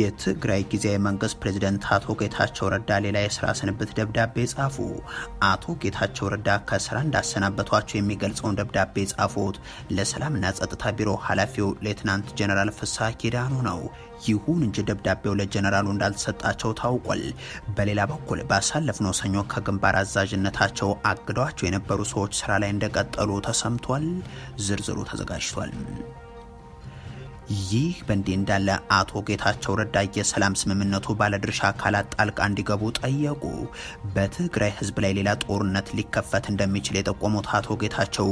የትግራይ ጊዜያዊ መንግስት ፕሬዚደንት አቶ ጌታቸው ረዳ ሌላ የስራ ስንብት ደብዳቤ ጻፉ። አቶ ጌታቸው ረዳ ከስራ እንዳሰናበቷቸው የሚገልጸውን ደብዳቤ ጻፉት ለሰላምና ጸጥታ ቢሮ ኃላፊው ሌትናንት ጀነራል ፍሳ ኪዳኑ ነው። ይሁን እንጂ ደብዳቤው ለጀነራሉ እንዳልተሰጣቸው ታውቋል። በሌላ በኩል ባሳለፍነው ሰኞ ከግንባር አዛዥነታቸው አግዷቸው የነበሩ ሰዎች ስራ ላይ እንደቀጠሉ ተሰምቷል። ዝርዝሩ ተዘጋጅቷል። ይህ በእንዲህ እንዳለ አቶ ጌታቸው ረዳ የሰላም ስምምነቱ ባለድርሻ አካላት ጣልቃ እንዲገቡ ጠየቁ። በትግራይ ህዝብ ላይ ሌላ ጦርነት ሊከፈት እንደሚችል የጠቆሙት አቶ ጌታቸው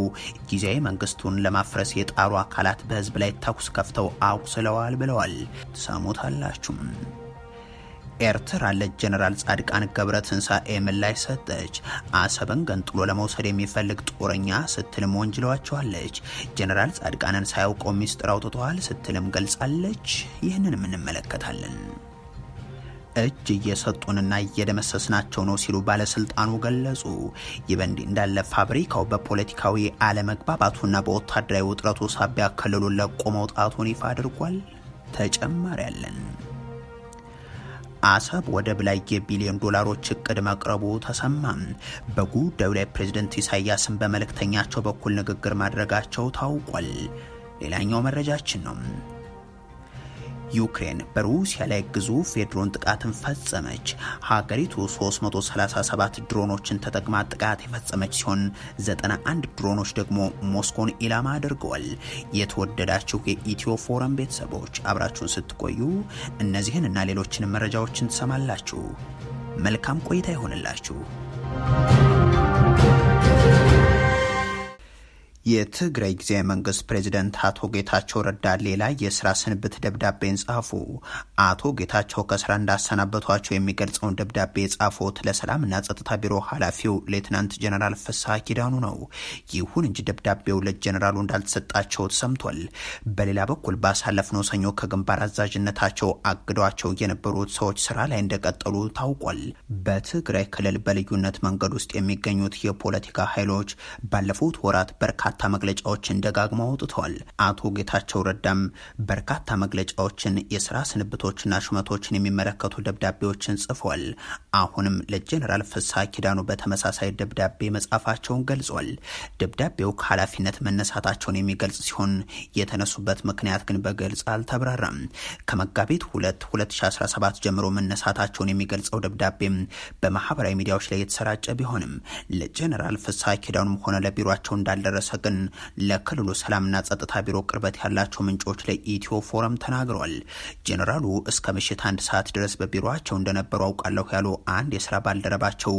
ጊዜያዊ መንግስቱን ለማፍረስ የጣሩ አካላት በህዝብ ላይ ተኩስ ከፍተው አቁስለዋል ብለዋል። ትሰሙታላችሁም። ኤርትራ ለጀነራል ጻድቃን ገብረ ትንሳኤ ምላሽ ሰጠች። አሰብን ገንጥሎ ለመውሰድ የሚፈልግ ጦረኛ ስትልም ወንጅለዋቸዋለች። ጀነራል ጻድቃንን ሳያውቀው ሚስጥር አውጥተዋል ስትልም ገልጻለች። ይህንንም እንመለከታለን። እጅ እየሰጡንና እየደመሰስናቸው ነው ሲሉ ባለስልጣኑ ገለጹ። ይህ በእንዲህ እንዳለ ፋብሪካው በፖለቲካዊ አለመግባባቱና በወታደራዊ ውጥረቱ ሳቢያ ክልሉን ለቆ መውጣቱን ይፋ አድርጓል። ተጨማሪ ያለን አሰብ ወደብ ላይ የቢሊዮን ዶላሮች እቅድ መቅረቡ ተሰማ። በጉዳዩ ላይ ፕሬዝደንት ኢሳያስን በመልእክተኛቸው በኩል ንግግር ማድረጋቸው ታውቋል። ሌላኛው መረጃችን ነው። ዩክሬን በሩሲያ ላይ ግዙፍ የድሮን ጥቃትን ፈጸመች። ሀገሪቱ 337 ድሮኖችን ተጠቅማ ጥቃት የፈጸመች ሲሆን 91 ድሮኖች ደግሞ ሞስኮን ኢላማ አድርገዋል። የተወደዳችሁ የኢትዮ ፎረም ቤተሰቦች አብራችሁን ስትቆዩ እነዚህን እና ሌሎችንም መረጃዎችን ትሰማላችሁ። መልካም ቆይታ ይሆንላችሁ። የትግራይ ጊዜያዊ መንግስት ፕሬዚደንት አቶ ጌታቸው ረዳ ሌላ የስራ ስንብት ደብዳቤን ጻፉ። አቶ ጌታቸው ከስራ እንዳሰናበቷቸው የሚገልጸውን ደብዳቤ የጻፉት ለሰላምና ጸጥታ ቢሮ ኃላፊው ሌትናንት ጀነራል ፍስሐ ኪዳኑ ነው። ይሁን እንጂ ደብዳቤው ለጀነራሉ እንዳልተሰጣቸው ተሰምቷል። በሌላ በኩል ባሳለፍነው ሰኞ ከግንባር አዛዥነታቸው አግዷቸው የነበሩት ሰዎች ስራ ላይ እንደቀጠሉ ታውቋል። በትግራይ ክልል በልዩነት መንገድ ውስጥ የሚገኙት የፖለቲካ ኃይሎች ባለፉት ወራት በርካ በርካታ መግለጫዎችን ደጋግሞ አውጥተዋል። አቶ ጌታቸው ረዳም በርካታ መግለጫዎችን፣ የስራ ስንብቶችና ሹመቶችን የሚመለከቱ ደብዳቤዎችን ጽፏል። አሁንም ለጄኔራል ፍስሐ ኪዳኑ በተመሳሳይ ደብዳቤ መጻፋቸውን ገልጿል። ደብዳቤው ከኃላፊነት መነሳታቸውን የሚገልጽ ሲሆን የተነሱበት ምክንያት ግን በግልጽ አልተብራራም። ከመጋቢት 2017 ጀምሮ መነሳታቸውን የሚገልጸው ደብዳቤም በማህበራዊ ሚዲያዎች ላይ የተሰራጨ ቢሆንም ለጄኔራል ፍስሐ ኪዳኑም ሆነ ለቢሯቸው እንዳልደረሰ ግን ለክልሉ ሰላምና ጸጥታ ቢሮ ቅርበት ያላቸው ምንጮች ለኢትዮ ፎረም ተናግረዋል። ጄኔራሉ እስከ ምሽት አንድ ሰዓት ድረስ በቢሮቸው እንደነበሩ አውቃለሁ ያሉ አንድ የስራ ባልደረባቸው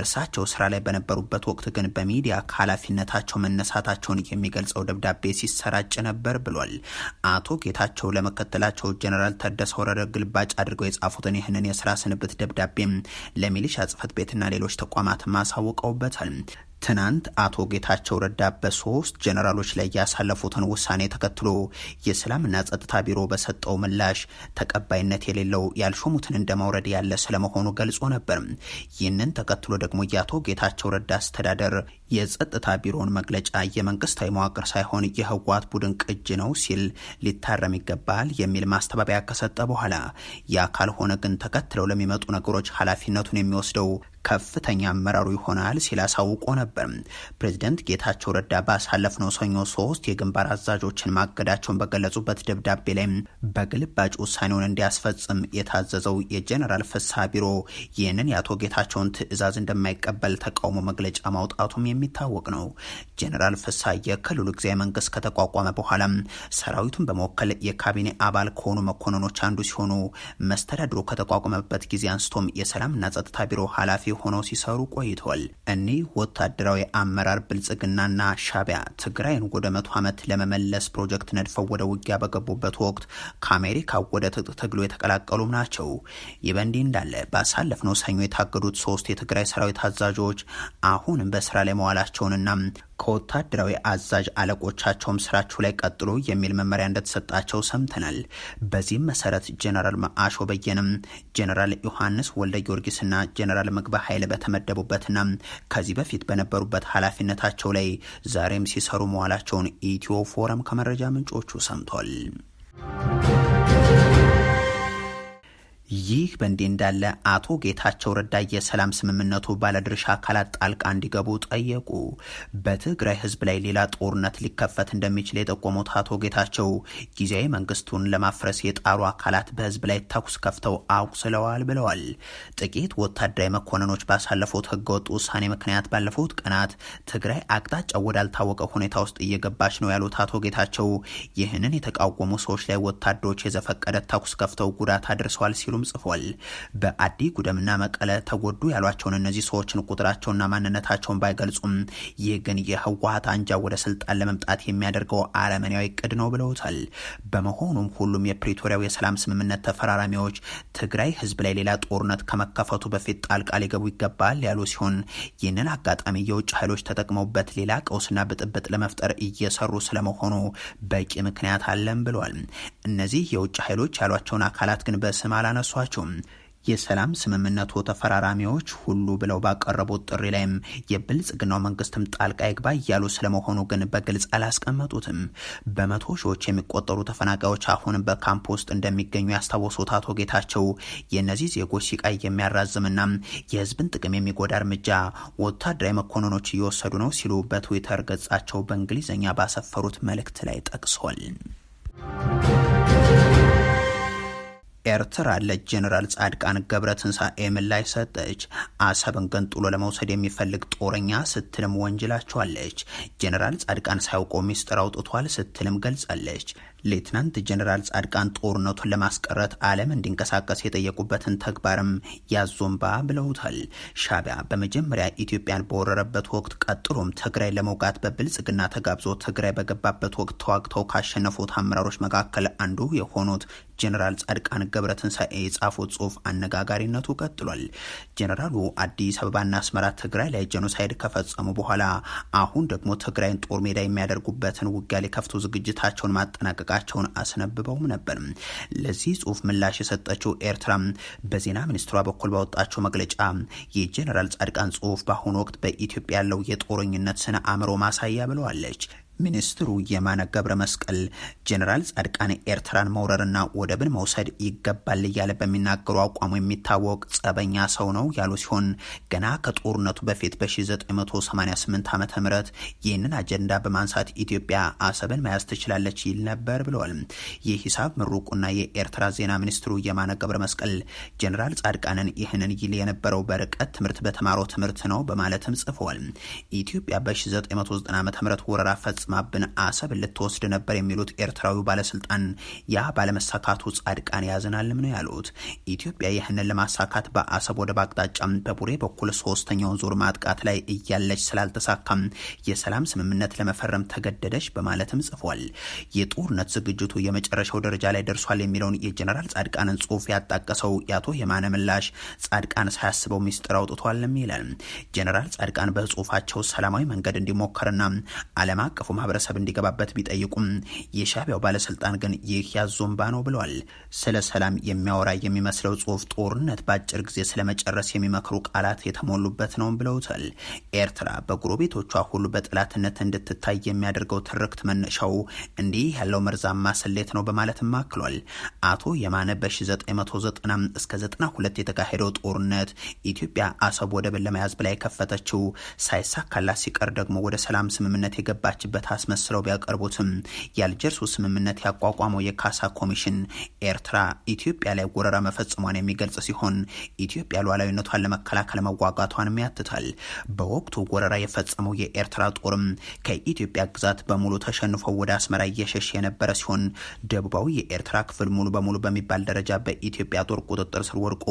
እርሳቸው ስራ ላይ በነበሩበት ወቅት ግን በሚዲያ ከኃላፊነታቸው መነሳታቸውን የሚገልጸው ደብዳቤ ሲሰራጭ ነበር ብሏል። አቶ ጌታቸው ለመከተላቸው ጄኔራል ተደሰ ወረደ ግልባጭ አድርገው የጻፉትን ይህንን የስራ ስንብት ደብዳቤም ለሚሊሻ ጽህፈት ቤትና ሌሎች ተቋማት ማሳወቀውበታል። ትናንት አቶ ጌታቸው ረዳ በሶስት ጀነራሎች ላይ ያሳለፉትን ውሳኔ ተከትሎ የሰላምና ጸጥታ ቢሮ በሰጠው ምላሽ ተቀባይነት የሌለው ያልሾሙትን እንደማውረድ ያለ ስለመሆኑ ገልጾ ነበር። ይህንን ተከትሎ ደግሞ የአቶ ጌታቸው ረዳ አስተዳደር የጸጥታ ቢሮውን መግለጫ የመንግስታዊ መዋቅር ሳይሆን የህወሓት ቡድን ቅጅ ነው ሲል ሊታረም ይገባል የሚል ማስተባበያ ከሰጠ በኋላ ያ ካልሆነ ግን ተከትለው ለሚመጡ ነገሮች ኃላፊነቱን የሚወስደው ከፍተኛ አመራሩ ይሆናል ሲል አሳውቆ ነበር። ፕሬዚደንት ጌታቸው ረዳ ባሳለፍነው ሰኞ ሶስት የግንባር አዛዦችን ማገዳቸውን በገለጹበት ደብዳቤ ላይ በግልባጭ ውሳኔውን እንዲያስፈጽም የታዘዘው የጀኔራል ፍሳ ቢሮ ይህንን የአቶ ጌታቸውን ትዕዛዝ እንደማይቀበል ተቃውሞ መግለጫ ማውጣቱም የሚታወቅ ነው። ጀኔራል ፍሳ የክልሉ ጊዜያዊ መንግስት ከተቋቋመ በኋላ ሰራዊቱን በመወከል የካቢኔ አባል ከሆኑ መኮንኖች አንዱ ሲሆኑ መስተዳድሩ ከተቋቋመበት ጊዜ አንስቶም የሰላምና ጸጥታ ቢሮ ኃላፊ ሆነው ሲሰሩ ቆይተዋል። እኒህ ወታደራዊ አመራር ብልጽግናና ሻቢያ ትግራይን ወደ መቶ ዓመት ለመመለስ ፕሮጀክት ነድፈው ወደ ውጊያ በገቡበት ወቅት ከአሜሪካ ወደ ትጥቅ ትግሉ የተቀላቀሉም ናቸው። ይህ በእንዲህ እንዳለ ባሳለፍነው ሰኞ የታገዱት ሶስት የትግራይ ሰራዊት አዛዦች አሁንም በስራ ላይ መዋላቸውንና ከወታደራዊ አዛዥ አለቆቻቸውም ስራቸው ላይ ቀጥሎ የሚል መመሪያ እንደተሰጣቸው ሰምተናል። በዚህም መሰረት ጀነራል መአሾ በየንም ጀነራል ዮሐንስ ወልደ ጊዮርጊስና ጀነራል ምግበ ኃይል በተመደቡበትና ከዚህ በፊት በነበሩበት ኃላፊነታቸው ላይ ዛሬም ሲሰሩ መዋላቸውን ኢትዮ ፎረም ከመረጃ ምንጮቹ ሰምቷል። ይህ በእንዲህ እንዳለ አቶ ጌታቸው ረዳ የሰላም ስምምነቱ ባለድርሻ አካላት ጣልቃ እንዲገቡ ጠየቁ። በትግራይ ህዝብ ላይ ሌላ ጦርነት ሊከፈት እንደሚችል የጠቆሙት አቶ ጌታቸው ጊዜያዊ መንግስቱን ለማፍረስ የጣሩ አካላት በህዝብ ላይ ተኩስ ከፍተው አቁስለዋል ብለዋል። ጥቂት ወታደራዊ መኮንኖች ባሳለፉት ህገወጥ ውሳኔ ምክንያት ባለፉት ቀናት ትግራይ አቅጣጫ ወዳልታወቀ ሁኔታ ውስጥ እየገባች ነው ያሉት አቶ ጌታቸው ይህንን የተቃወሙ ሰዎች ላይ ወታደሮች የዘፈቀደ ተኩስ ከፍተው ጉዳት አድርሰዋል ሲሉ መሆኑንም ጽፏል። በአዲ ጉደምና መቀለ ተጎዱ ያሏቸውን እነዚህ ሰዎችን ቁጥራቸውና ማንነታቸውን ባይገልጹም ይህ ግን የህወሀት አንጃ ወደ ስልጣን ለመምጣት የሚያደርገው አረመኔያዊ እቅድ ነው ብለውታል። በመሆኑም ሁሉም የፕሪቶሪያው የሰላም ስምምነት ተፈራራሚዎች ትግራይ ህዝብ ላይ ሌላ ጦርነት ከመከፈቱ በፊት ጣልቃ ሊገቡ ይገባል ያሉ ሲሆን ይህንን አጋጣሚ የውጭ ኃይሎች ተጠቅመውበት ሌላ ቀውስና ብጥብጥ ለመፍጠር እየሰሩ ስለመሆኑ በቂ ምክንያት አለም ብለዋል። እነዚህ የውጭ ኃይሎች ያሏቸውን አካላት ግን በስም አላነ ያነሷቸው የሰላም ስምምነቱ ተፈራራሚዎች ሁሉ ብለው ባቀረቡት ጥሪ ላይም የብልጽግናው መንግስትም ጣልቃ ይግባ እያሉ ስለመሆኑ ግን በግልጽ አላስቀመጡትም። በመቶ ሺዎች የሚቆጠሩ ተፈናቃዮች አሁን በካምፕ ውስጥ እንደሚገኙ ያስታወሱት አቶ ጌታቸው የእነዚህ ዜጎች ሲቃይ የሚያራዝምና የህዝብን ጥቅም የሚጎዳ እርምጃ ወታደራዊ መኮንኖች እየወሰዱ ነው ሲሉ በትዊተር ገጻቸው በእንግሊዝኛ ባሰፈሩት መልእክት ላይ ጠቅሷል። ኤርትራ ለጀኔራል ጻድቃን ገብረትንሳኤ ምላሽ ሰጠች። አሰብን ገንጥሎ ለመውሰድ የሚፈልግ ጦረኛ ስትልም ወንጅላቸዋለች። ጀኔራል ጻድቃን ሳያውቀው ሚስጥር አውጥቷል ስትልም ገልጻለች። ሌትናንት ጀኔራል ጻድቃን ጦርነቱን ለማስቀረት ዓለም እንዲንቀሳቀስ የጠየቁበትን ተግባርም ያዞምባ ብለውታል። ሻቢያ በመጀመሪያ ኢትዮጵያን በወረረበት ወቅት፣ ቀጥሎም ትግራይ ለመውጋት በብልጽግና ተጋብዞ ትግራይ በገባበት ወቅት ተዋግተው ካሸነፉት አመራሮች መካከል አንዱ የሆኑት ጀኔራል ጻድቃን ገብረትን ሳ የጻፉት ጽሁፍ አነጋጋሪነቱ ቀጥሏል። ጀኔራሉ አዲስ አበባና አስመራ ትግራይ ላይ ጀኖሳይድ ከፈጸሙ በኋላ አሁን ደግሞ ትግራይን ጦር ሜዳ የሚያደርጉበትን ውጊያ ሊከፍቱ ዝግጅታቸውን ማጠናቀቅ መልቀቃቸውን አስነብበውም ነበር። ለዚህ ጽሁፍ ምላሽ የሰጠችው ኤርትራ በዜና ሚኒስትሯ በኩል ባወጣቸው መግለጫ የጀኔራል ጻድቃን ጽሁፍ በአሁኑ ወቅት በኢትዮጵያ ያለው የጦረኝነት ስነ አእምሮ ማሳያ ብለዋለች። ሚኒስትሩ የማነ ገብረ መስቀል ጀኔራል ጻድቃን ኤርትራን መውረርና ወደብን መውሰድ ይገባል እያለ በሚናገሩ አቋሙ የሚታወቅ ጸበኛ ሰው ነው ያሉ ሲሆን ገና ከጦርነቱ በፊት በ1988 ዓ ም ይህንን አጀንዳ በማንሳት ኢትዮጵያ አሰብን መያዝ ትችላለች ይል ነበር ብለዋል። የሂሳብ ምሩቁና የኤርትራ ዜና ሚኒስትሩ የማነ ገብረ መስቀል ጀኔራል ጻድቃንን ይህንን ይል የነበረው በርቀት ትምህርት በተማረው ትምህርት ነው በማለትም ጽፈዋል። ኢትዮጵያ በ1990 ዓ ም ወረራ ፈጽ ተስማምተን አሰብ ልትወስድ ነበር የሚሉት ኤርትራዊው ባለስልጣን ያ ባለመሳካቱ ጻድቃን ያዝናልም ነው ያሉት። ኢትዮጵያ ይህንን ለማሳካት በአሰብ ወደብ አቅጣጫም በቡሬ በኩል ሶስተኛውን ዙር ማጥቃት ላይ እያለች ስላልተሳካም የሰላም ስምምነት ለመፈረም ተገደደች በማለትም ጽፏል። የጦርነት ዝግጅቱ የመጨረሻው ደረጃ ላይ ደርሷል የሚለውን የጀነራል ጻድቃንን ጽሁፍ ያጣቀሰው የአቶ የማነ ምላሽ ጻድቃን ሳያስበው ሚስጥር አውጥቷልም ይላል። ጀነራል ጻድቃን በጽሁፋቸው ሰላማዊ መንገድ እንዲሞከርና አለም አቀፉ አቀፉ ማህበረሰብ እንዲገባበት ቢጠይቁም የሻቢያው ባለስልጣን ግን ይህ ያዞምባ ነው ብለዋል። ስለ ሰላም የሚያወራ የሚመስለው ጽሁፍ ጦርነት በአጭር ጊዜ ስለመጨረስ የሚመክሩ ቃላት የተሞሉበት ነው ብለውታል። ኤርትራ በጎረቤቶቿ ሁሉ በጠላትነት እንድትታይ የሚያደርገው ትርክት መነሻው እንዲህ ያለው መርዛማ ስሌት ነው በማለትም አክሏል። አቶ የማነ በ1990 እስከ 92 የተካሄደው ጦርነት ኢትዮጵያ አሰብ ወደብን ለመያዝ ብላ የከፈተችው ሳይሳካላት ሲቀር ደግሞ ወደ ሰላም ስምምነት የገባችበት መሰረት አስመስለው ቢያቀርቡትም የአልጀርሱ ስምምነት ያቋቋመው የካሳ ኮሚሽን ኤርትራ ኢትዮጵያ ላይ ወረራ መፈጸሟን የሚገልጽ ሲሆን ኢትዮጵያ ሉዓላዊነቷን ለመከላከል መዋጋቷንም ያትታል። በወቅቱ ወረራ የፈጸመው የኤርትራ ጦርም ከኢትዮጵያ ግዛት በሙሉ ተሸንፎ ወደ አስመራ እየሸሽ የነበረ ሲሆን ደቡባዊ የኤርትራ ክፍል ሙሉ በሙሉ በሚባል ደረጃ በኢትዮጵያ ጦር ቁጥጥር ስር ወድቆ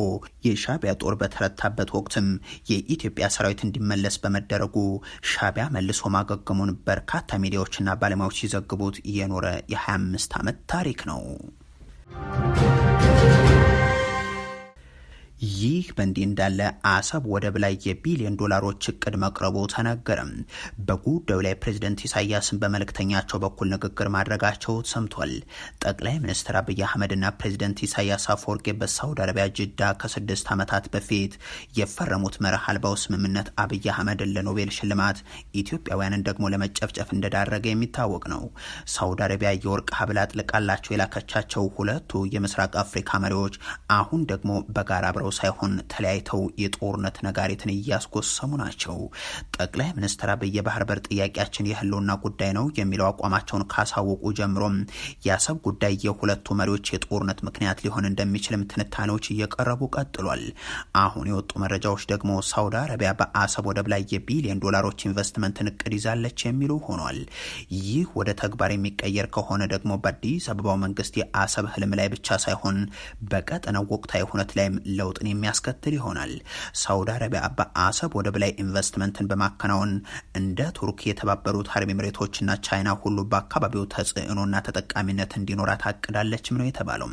የሻቢያ ጦር በተረታበት ወቅትም የኢትዮጵያ ሰራዊት እንዲመለስ በመደረጉ ሻቢያ መልሶ ማገገሙን በርካታ ሚዲያዎችና ባለሙያዎች ሲዘግቡት የኖረ የ25 ዓመት ታሪክ ነው። ይህ በእንዲህ እንዳለ አሰብ ወደብ ላይ የቢሊዮን ዶላሮች እቅድ መቅረቡ ተነገረም። በጉዳዩ ላይ ፕሬዝደንት ኢሳያስን በመልእክተኛቸው በኩል ንግግር ማድረጋቸው ሰምቷል። ጠቅላይ ሚኒስትር አብይ አህመድና ፕሬዝደንት ኢሳያስ አፈወርቄ በሳውዲ አረቢያ ጅዳ ከስድስት ዓመታት በፊት የፈረሙት መርህ አልባው ስምምነት አብይ አህመድን ለኖቤል ሽልማት ኢትዮጵያውያንን ደግሞ ለመጨፍጨፍ እንደዳረገ የሚታወቅ ነው። ሳውዲ አረቢያ የወርቅ ሀብል አጥልቃላቸው የላከቻቸው ሁለቱ የምስራቅ አፍሪካ መሪዎች አሁን ደግሞ በጋራ አብረው ሳይሆን ተለያይተው የጦርነት ነጋሪትን እያስጎሰሙ ናቸው። ጠቅላይ ሚኒስትር አብይ የባህር በር ጥያቄያችን የህልውና ጉዳይ ነው የሚለው አቋማቸውን ካሳወቁ ጀምሮም የአሰብ ጉዳይ የሁለቱ መሪዎች የጦርነት ምክንያት ሊሆን እንደሚችልም ትንታኔዎች እየቀረቡ ቀጥሏል። አሁን የወጡ መረጃዎች ደግሞ ሳውዲ አረቢያ በአሰብ ወደብ ላይ የቢሊዮን ዶላሮች ኢንቨስትመንትን እቅድ ይዛለች የሚሉ ሆኗል። ይህ ወደ ተግባር የሚቀየር ከሆነ ደግሞ በአዲስ አበባው መንግስት የአሰብ ህልም ላይ ብቻ ሳይሆን በቀጠነው ወቅታዊ ሁነት ላይም ለውጥ ለውጥን የሚያስከትል ይሆናል። ሳውዲ አረቢያ በአሰብ ወደብ ላይ ኢንቨስትመንትን በማከናወን እንደ ቱርክ፣ የተባበሩት አረብ ኤምሬቶችና ቻይና ሁሉ በአካባቢው ተጽዕኖና ተጠቃሚነት እንዲኖራት አቅዳለችም ነው የተባለው።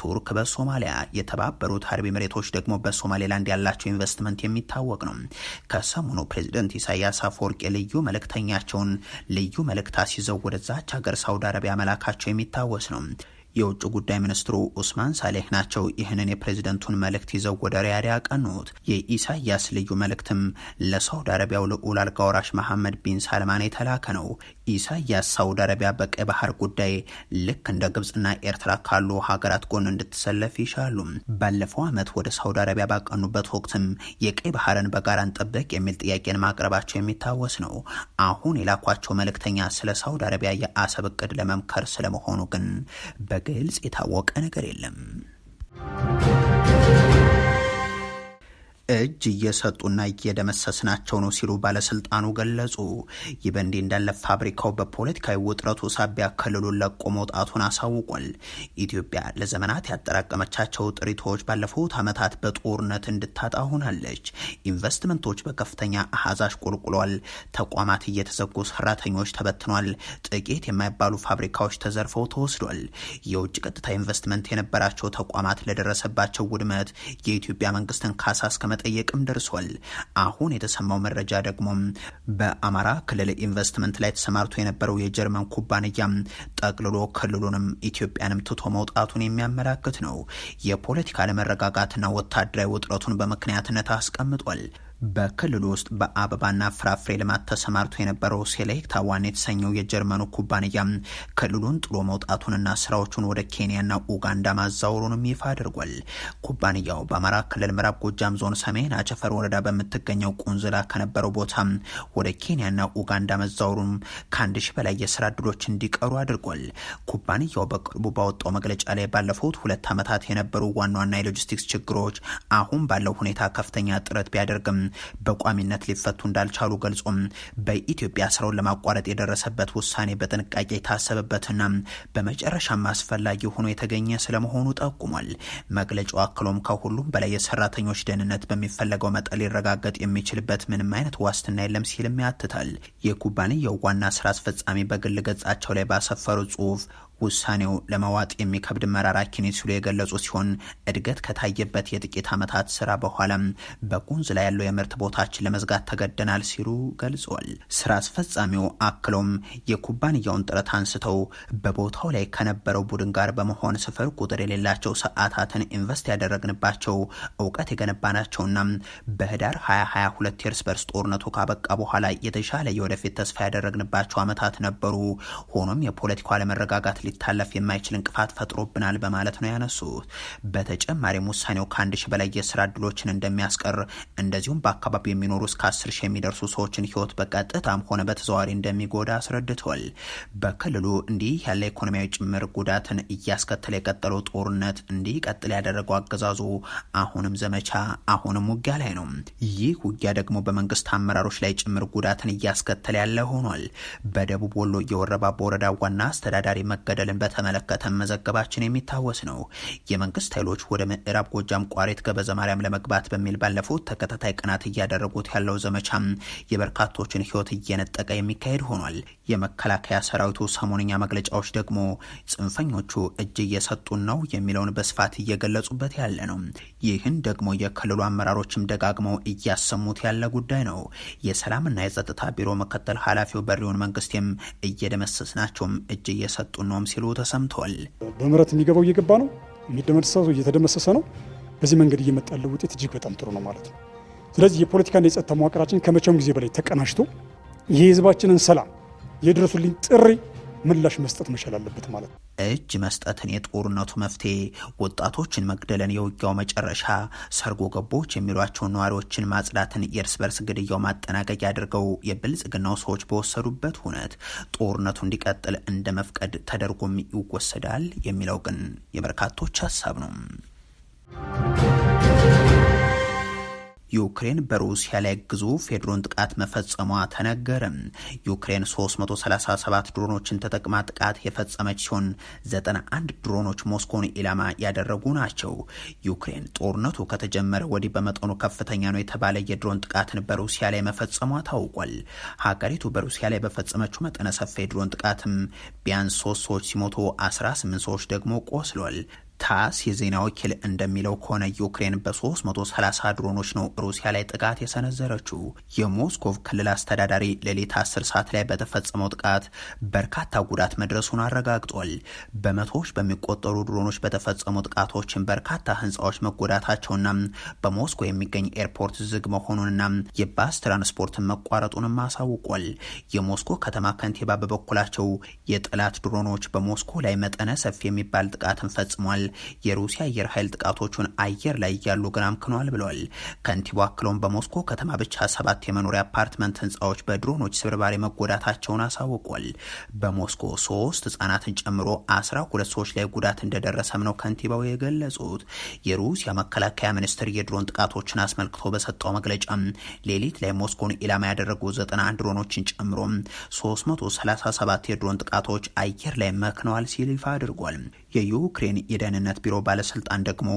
ቱርክ በሶማሊያ የተባበሩት አረብ ኤምሬቶች ደግሞ በሶማሌላንድ ያላቸው ኢንቨስትመንት የሚታወቅ ነው። ከሰሞኑ ፕሬዚደንት ኢሳያስ አፈወርቂ ልዩ መልእክተኛቸውን ልዩ መልእክት አስይዘው ወደዛች ሀገር ሳውዲ አረቢያ መላካቸው የሚታወስ ነው። የውጭ ጉዳይ ሚኒስትሩ ኡስማን ሳሌህ ናቸው። ይህንን የፕሬዝደንቱን መልእክት ይዘው ወደ ሪያድ ያቀኑት። የኢሳያስ ልዩ መልእክትም ለሳውዲ አረቢያው ልዑል አልጋ ወራሽ መሐመድ ቢን ሳልማን የተላከ ነው። ኢሳያስ ሳውዲ አረቢያ በቀይ ባህር ጉዳይ ልክ እንደ ግብፅና ኤርትራ ካሉ ሀገራት ጎን እንድትሰለፍ ይሻሉ። ባለፈው ዓመት ወደ ሳውዲ አረቢያ ባቀኑበት ወቅትም የቀይ ባህርን በጋራ እንጠብቅ የሚል ጥያቄን ማቅረባቸው የሚታወስ ነው። አሁን የላኳቸው መልእክተኛ ስለ ሳውዲ አረቢያ የአሰብ እቅድ ለመምከር ስለመሆኑ ግን በግልጽ የታወቀ ነገር የለም። እጅ እየሰጡና እየደመሰስናቸው ነው ሲሉ ባለስልጣኑ ገለጹ። ይህ በእንዲህ እንዳለ ፋብሪካው በፖለቲካዊ ውጥረቱ ሳቢያ ክልሉን ለቆ መውጣቱን አሳውቋል። ኢትዮጵያ ለዘመናት ያጠራቀመቻቸው ጥሪቶች ባለፉት ዓመታት በጦርነት እንድታጣ ሆናለች። ኢንቨስትመንቶች በከፍተኛ አሃዝ አሽቆልቁሏል። ተቋማት እየተዘጉ፣ ሰራተኞች ተበትኗል። ጥቂት የማይባሉ ፋብሪካዎች ተዘርፈው ተወስዷል። የውጭ ቀጥታ ኢንቨስትመንት የነበራቸው ተቋማት ለደረሰባቸው ውድመት የኢትዮጵያ መንግስትን ካሳ እስከመ መጠየቅም ደርሷል። አሁን የተሰማው መረጃ ደግሞ በአማራ ክልል ኢንቨስትመንት ላይ ተሰማርቶ የነበረው የጀርመን ኩባንያ ጠቅልሎ ክልሉንም ኢትዮጵያንም ትቶ መውጣቱን የሚያመላክት ነው። የፖለቲካ አለመረጋጋትና ወታደራዊ ውጥረቱን በምክንያትነት አስቀምጧል። በክልሉ ውስጥ በአበባና ፍራፍሬ ልማት ተሰማርቶ የነበረው ሴሌክታ ዋን የተሰኘው የጀርመኑ ኩባንያ ክልሉን ጥሎ መውጣቱንና ስራዎቹን ወደ ኬንያና ኡጋንዳ ማዛወሩንም ይፋ አድርጓል። ኩባንያው በአማራ ክልል ምዕራብ ጎጃም ዞን ሰሜን አቸፈር ወረዳ በምትገኘው ቁንዝላ ከነበረው ቦታ ወደ ኬንያና ኡጋንዳ መዛወሩን ከአንድ ሺህ በላይ የስራ እድሎች እንዲቀሩ አድርጓል። ኩባንያው በቅርቡ ባወጣው መግለጫ ላይ ባለፉት ሁለት ዓመታት የነበሩ ዋና ዋና የሎጂስቲክስ ችግሮች አሁን ባለው ሁኔታ ከፍተኛ ጥረት ቢያደርግም በቋሚነት ሊፈቱ እንዳልቻሉ ገልጾም በኢትዮጵያ ስራውን ለማቋረጥ የደረሰበት ውሳኔ በጥንቃቄ የታሰበበትና በመጨረሻም አስፈላጊ ሆኖ የተገኘ ስለመሆኑ ጠቁሟል። መግለጫው አክሎም ከሁሉም በላይ የሰራተኞች ደህንነት በሚፈለገው መጠን ሊረጋገጥ የሚችልበት ምንም አይነት ዋስትና የለም ሲልም ያትታል። የኩባንያው ዋና ስራ አስፈጻሚ በግል ገጻቸው ላይ ባሰፈሩ ጽሁፍ ውሳኔው ለመዋጥ የሚከብድ መራራ ኪኒት ሲሉ የገለጹ ሲሆን እድገት ከታየበት የጥቂት ዓመታት ስራ በኋላም በጉሙዝ ላይ ያለው የምርት ቦታችን ለመዝጋት ተገደናል ሲሉ ገልጿል። ስራ አስፈጻሚው አክሎም የኩባንያውን ጥረት አንስተው በቦታው ላይ ከነበረው ቡድን ጋር በመሆን ስፍር ቁጥር የሌላቸው ሰዓታትን ኢንቨስት ያደረግንባቸው እውቀት የገነባናቸውና በህዳር 2022 የእርስ በርስ ጦርነቱ ካበቃ በኋላ የተሻለ የወደፊት ተስፋ ያደረግንባቸው ዓመታት ነበሩ። ሆኖም የፖለቲካው አለመረጋጋት ሊታለፍ የማይችል እንቅፋት ፈጥሮብናል በማለት ነው ያነሱት። በተጨማሪም ውሳኔው ከአንድ ሺህ በላይ የስራ እድሎችን እንደሚያስቀር እንደዚሁም በአካባቢው የሚኖሩ እስከ አስር ሺህ የሚደርሱ ሰዎችን ህይወት በቀጥታም ሆነ በተዘዋዋሪ እንደሚጎዳ አስረድቷል። በክልሉ እንዲህ ያለ ኢኮኖሚያዊ ጭምር ጉዳትን እያስከተለ የቀጠለው ጦርነት እንዲቀጥል ያደረገው አገዛዙ አሁንም ዘመቻ አሁንም ውጊያ ላይ ነው። ይህ ውጊያ ደግሞ በመንግስት አመራሮች ላይ ጭምር ጉዳትን እያስከተለ ያለ ሆኗል። በደቡብ ወሎ የወረባቦ ወረዳ ዋና አስተዳዳሪ መገደ መገደልን በተመለከተ መዘገባችን የሚታወስ ነው። የመንግስት ኃይሎች ወደ ምዕራብ ጎጃም ቋሪት ገበዘ ማርያም ለመግባት በሚል ባለፉት ተከታታይ ቀናት እያደረጉት ያለው ዘመቻ የበርካቶችን ህይወት እየነጠቀ የሚካሄድ ሆኗል። የመከላከያ ሰራዊቱ ሰሞንኛ መግለጫዎች ደግሞ ጽንፈኞቹ እጅ እየሰጡን ነው የሚለውን በስፋት እየገለጹበት ያለ ነው። ይህን ደግሞ የክልሉ አመራሮችም ደጋግመው እያሰሙት ያለ ጉዳይ ነው። የሰላምና የጸጥታ ቢሮ ምክትል ኃላፊው በሪውን መንግስቴም ናቸውም እጅ እየሰጡን ነውም ሲሉ ተሰምቷል። በምህረት የሚገባው እየገባ ነው፣ የሚደመሰሰው እየተደመሰሰ ነው። በዚህ መንገድ እየመጣ ያለው ውጤት እጅግ በጣም ጥሩ ነው ማለት ነው። ስለዚህ የፖለቲካና የጸጥታ መዋቅራችን ከመቼውም ጊዜ በላይ ተቀናጅቶ የህዝባችንን ሰላም የድረሱልኝ ጥሪ ምላሽ መስጠት መቻል አለበት ማለት ነው። እጅ መስጠትን የጦርነቱ መፍትሄ፣ ወጣቶችን መግደልን የውጊያው መጨረሻ፣ ሰርጎ ገቦች የሚሏቸውን ነዋሪዎችን ማጽዳትን የእርስ በርስ ግድያው ማጠናቀቂያ አድርገው የብልጽግናው ሰዎች በወሰዱበት ሁነት ጦርነቱ እንዲቀጥል እንደ መፍቀድ ተደርጎም ይወሰዳል የሚለው ግን የበርካቶች ሀሳብ ነው። ዩክሬን በሩሲያ ላይ ግዙፍ የድሮን ጥቃት መፈጸሟ ተነገረም። ዩክሬን 337 ድሮኖችን ተጠቅማ ጥቃት የፈጸመች ሲሆን 91 ድሮኖች ሞስኮን ኢላማ ያደረጉ ናቸው። ዩክሬን ጦርነቱ ከተጀመረ ወዲህ በመጠኑ ከፍተኛ ነው የተባለ የድሮን ጥቃትን በሩሲያ ላይ መፈጸሟ ታውቋል። ሀገሪቱ በሩሲያ ላይ በፈጸመችው መጠነ ሰፊ የድሮን ጥቃትም ቢያንስ ሶስት ሰዎች ሲሞቱ 18 ሰዎች ደግሞ ቆስሏል። ታስ የዜና ወኪል እንደሚለው ከሆነ ዩክሬን በ330 ድሮኖች ነው ሩሲያ ላይ ጥቃት የሰነዘረችው። የሞስኮቭ ክልል አስተዳዳሪ ሌሊት 10 ሰዓት ላይ በተፈጸመው ጥቃት በርካታ ጉዳት መድረሱን አረጋግጧል። በመቶዎች በሚቆጠሩ ድሮኖች በተፈጸሙ ጥቃቶችን በርካታ ህንፃዎች መጎዳታቸውና በሞስኮ የሚገኝ ኤርፖርት ዝግ መሆኑንና የባስ ትራንስፖርትን መቋረጡንም አሳውቋል። የሞስኮ ከተማ ከንቲባ በበኩላቸው የጠላት ድሮኖች በሞስኮ ላይ መጠነ ሰፊ የሚባል ጥቃትን ፈጽሟል የሩሲያ አየር ኃይል ጥቃቶቹን አየር ላይ እያሉ ግን አምክነዋል ብለዋል። ከንቲባው አክለውም በሞስኮ ከተማ ብቻ ሰባት የመኖሪያ አፓርትመንት ህንፃዎች በድሮኖች ስብርባሪ መጎዳታቸውን አሳውቋል። በሞስኮ ሶስት ህጻናትን ጨምሮ አስራ ሁለት ሰዎች ላይ ጉዳት እንደደረሰም ነው ከንቲባው የገለጹት። የሩሲያ መከላከያ ሚኒስትር የድሮን ጥቃቶችን አስመልክቶ በሰጠው መግለጫ ሌሊት ላይ ሞስኮን ኢላማ ያደረጉ 91 ድሮኖችን ጨምሮ 337 የድሮን ጥቃቶች አየር ላይ መክነዋል ሲል ይፋ አድርጓል። የዩክሬን የደህንነት ቢሮ ባለስልጣን ደግሞ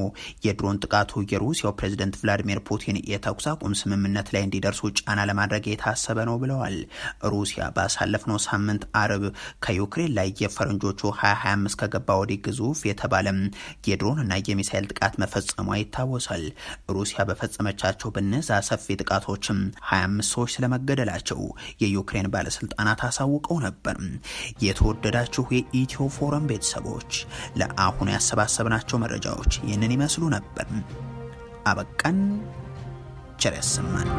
የድሮን ጥቃቱ የሩሲያው ፕሬዝደንት ቭላዲሚር ፑቲን የተኩስ አቁም ስምምነት ላይ እንዲደርሱ ጫና ለማድረግ የታሰበ ነው ብለዋል። ሩሲያ ባሳለፍነው ሳምንት አርብ ከዩክሬን ላይ የፈረንጆቹ 2025 ከገባ ወዲህ ግዙፍ የተባለም የድሮንና የሚሳይል ጥቃት መፈጸሟ ይታወሳል። ሩሲያ በፈጸመቻቸው በነዛ ሰፊ ጥቃቶችም 25 ሰዎች ስለመገደላቸው የዩክሬን ባለስልጣናት አሳውቀው ነበር። የተወደዳችሁ የኢትዮ ፎረም ቤተሰቦች ለአሁኑ ያሰባሰብናቸው መረጃዎች ይህንን ይመስሉ ነበር። አበቃን። ቸር ያሰማን።